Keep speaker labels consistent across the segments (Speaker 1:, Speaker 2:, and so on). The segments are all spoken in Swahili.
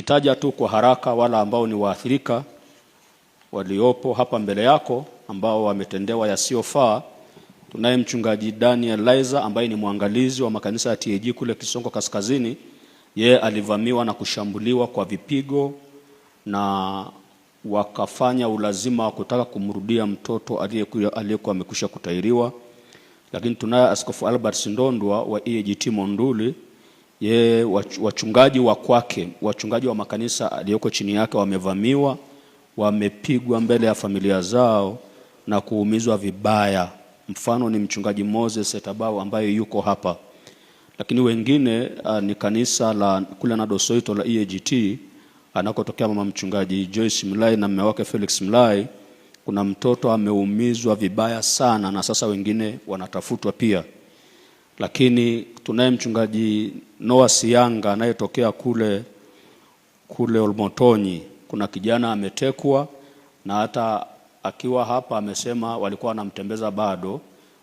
Speaker 1: Nikitaja tu kwa haraka wala ambao ni waathirika waliopo hapa mbele yako ambao wametendewa yasiyofaa, tunaye mchungaji Daniel Liza ambaye ni mwangalizi wa makanisa ya TAG kule Kisongo Kaskazini. Yeye alivamiwa na kushambuliwa kwa vipigo na wakafanya ulazima wa kutaka kumrudia mtoto aliyekuwa amekwisha kutairiwa. Lakini tunaye Askofu Albert Sindondwa wa EAGT Monduli ye wachungaji wa kwake, wachungaji wa makanisa aliyoko chini yake wamevamiwa, wamepigwa mbele ya familia zao na kuumizwa vibaya. Mfano ni mchungaji Moses Setabao ambaye yuko hapa, lakini wengine uh, ni kanisa la kule na Dosoito la EAGT anakotokea mama mchungaji Joyce Mlai na mume wake Felix Mlai. Kuna mtoto ameumizwa vibaya sana, na sasa wengine wanatafutwa pia lakini tunaye mchungaji Noah Sianga anayetokea kule kule Olmotonyi. Kuna kijana ametekwa, na hata akiwa hapa amesema walikuwa wanamtembeza bado,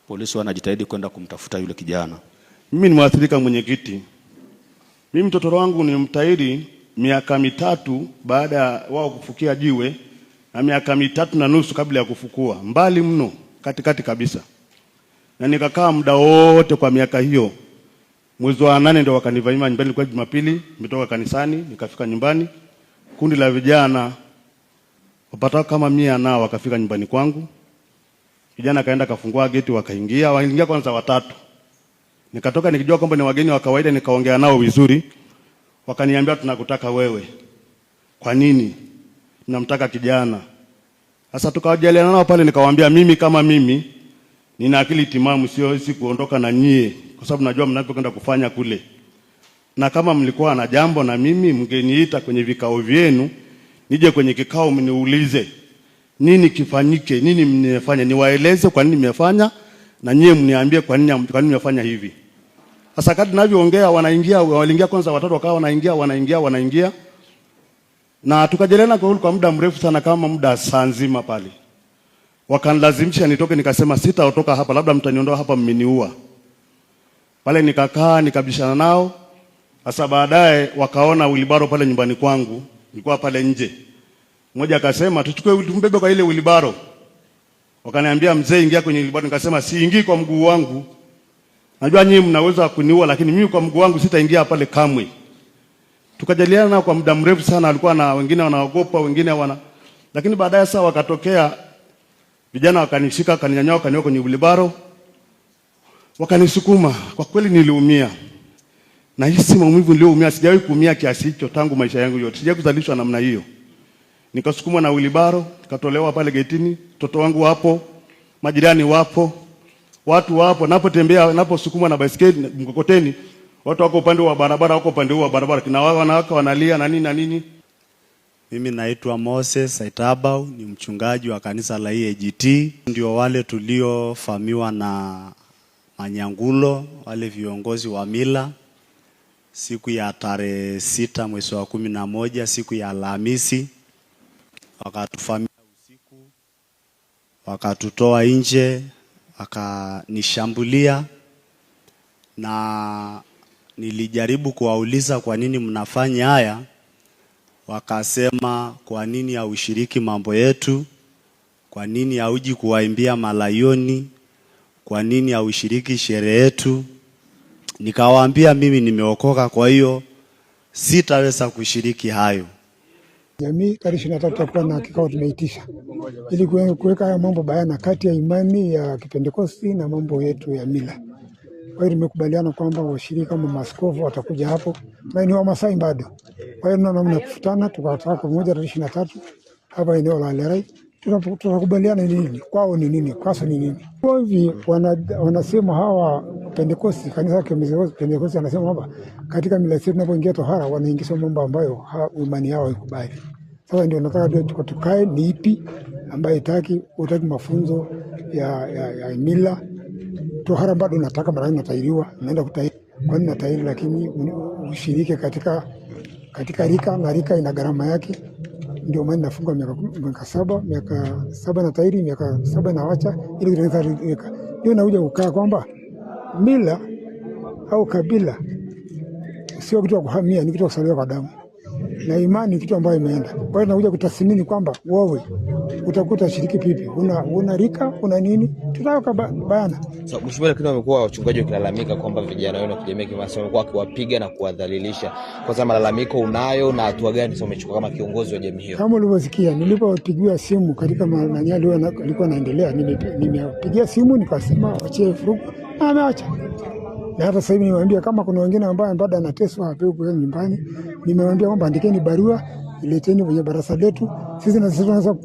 Speaker 1: polisi wanajitahidi kwenda kumtafuta yule kijana.
Speaker 2: Mimi ni mwathirika mwenyekiti, mimi mtoto wangu ni mtahiri, miaka mitatu baada ya wao kufukia jiwe na miaka mitatu na nusu kabla ya kufukua, mbali mno, katikati kabisa na nikakaa muda wote kwa miaka hiyo. Mwezi wa nane ndio wakanivamia nyumbani, kwa Jumapili, nimetoka kanisani nikafika nyumbani, kundi la vijana wapata kama mia nao wakafika nyumbani kwangu. Kijana kaenda kafungua geti, wakaingia, waingia kwanza watatu. Nikatoka nikijua kwamba ni wageni wa kawaida, nikaongea nao vizuri. Wakaniambia, tunakutaka wewe. Kwa nini? Namtaka kijana. Sasa tukajaliana nao pale, nikawaambia mimi kama mimi nina akili timamu, siwezi kuondoka na nyie kwa sababu najua mnavyokwenda kufanya kule, na kama mlikuwa na jambo na mimi mngeniita kwenye vikao vyenu, nije kwenye kikao mniulize nini kifanyike, nini mmefanya, niwaeleze kwa nini mmefanya, na nyie mniambie kwa nini kwa nini mmefanya hivi. Sasa kadri ninavyoongea, wanaingia waliingia kwanza watatu, wakawa wanaingia wanaingia wanaingia, na tukajelena kwa muda mrefu sana, kama muda saa nzima pale wakanlazimisha nitoke, nikasema sitatoka hapa, labda mtaniondoa hapa, mmeniua. Pale nikakaa nikabishana nao. Sasa baadaye wakaona wilibaro pale nyumbani kwangu, nilikuwa pale nje. Mmoja akasema tuchukue, tumbebe kwa ile wilibaro. Wakaniambia mzee, ingia kwenye wilibaro. Nikasema siingii kwa mguu wangu, najua nyinyi mnaweza kuniua, lakini mimi kwa mguu wangu sitaingia pale kamwe. Tukajadiliana kwa muda mrefu sana, alikuwa na wengine wanaogopa, wengine wana, lakini baadaye sasa wakatokea Vijana wakanishika, wakaninyanyua, wakaniweka kwenye wheelbarrow, wakanisukuma. Kwa kweli niliumia, nahisi maumivu niliyoumia. Sijawahi kuumia kiasi hicho tangu maisha yangu yote, sijawahi kuzalishwa namna hiyo. Nikasukumwa na wheelbarrow, nikatolewa pale getini. Mtoto wangu wapo, majirani wapo, watu wapo. Napotembea, naposukumwa na baiskeli mkokoteni, watu wako upande wa barabara, wako upande huu wa barabara, kina wao wanawake wanalia na nini na nini.
Speaker 3: Mimi naitwa Moses Saitabau, ni mchungaji wa kanisa la EAGT. Ndio wale tuliofamiwa na manyangulo, wale viongozi wa mila, siku ya tarehe sita mwezi wa kumi na moja, siku ya Alhamisi, wakatufamia usiku, wakatutoa nje, wakanishambulia na nilijaribu kuwauliza kwa nini mnafanya haya wakasema, kwa nini haushiriki mambo yetu? Kwa nini hauji kuwaimbia malayoni? Kwa nini haushiriki sherehe yetu? Nikawaambia mimi nimeokoka, kwa hiyo sitaweza kushiriki hayo.
Speaker 4: Jamii tarehe ishirini na tatu tutakuwa na kikao tumeitisha, ili kuweka mambo bayana kati ya imani ya Kipentekosti na mambo yetu ya mila. Kwa hiyo nimekubaliana kwamba washirika wa maskofu watakuja hapo, lakini Wamasai bado. Kwa hiyo namna ya kufutana, tukataa pamoja tarehe ishirini na tatu hapa eneo la Lerai, tutakubaliana ni nini, kwao ni nini, kwaso ni nini. Hivi wanasema hawa Pentekosti, kanisa Pentekosti anasema kwamba katika mila zetu tunapoingia tohara wanaingisha mambo ambayo imani yao haikubali. Sasa ndio nataka tukae, ni ipi ambayo itaki utaki mafunzo ya, ya, ya mila tohara bado nataka, mara natairiwa, naenda kutairi, kwani natairi, lakini ushirike katika katika rika na rika ina gharama yake. Ndio maana nafunga miaka saba, miaka saba na tairi, miaka saba nawacha ili kutengeneza rika. Ndio nauja kukaa kwamba mila au kabila sio kitu cha kuhamia, ni kitu cha kusaliwa kwa damu na imani kitu ambayo imeenda. Kwa hiyo tunakuja kutathmini kwamba wewe utakuta shiriki pipi, una, una rika una nini, tutaweka bayana.
Speaker 5: So, mheshimiwa, lakini wamekuwa wachungaji wakilalamika kwamba vijana wenu kijamii kimasomo wamekuwa wakiwapiga na kuwadhalilisha. Kwanza malalamiko unayo na hatua gani sasa umechukua kama kiongozi wa jamii hiyo?
Speaker 4: Kama ulivyosikia nilipopigiwa simu katika manani alikuwa naendelea, nimepigia simu nikasema wachie furugu na ameacha na hata sasa hivi nimewaambia kama kuna wengine ambao bado anateswa hapo kwa nyumbani, nimewaambia kwamba andikeni barua, ileteni kwenye barasa letu, sisi na sisi tunaweza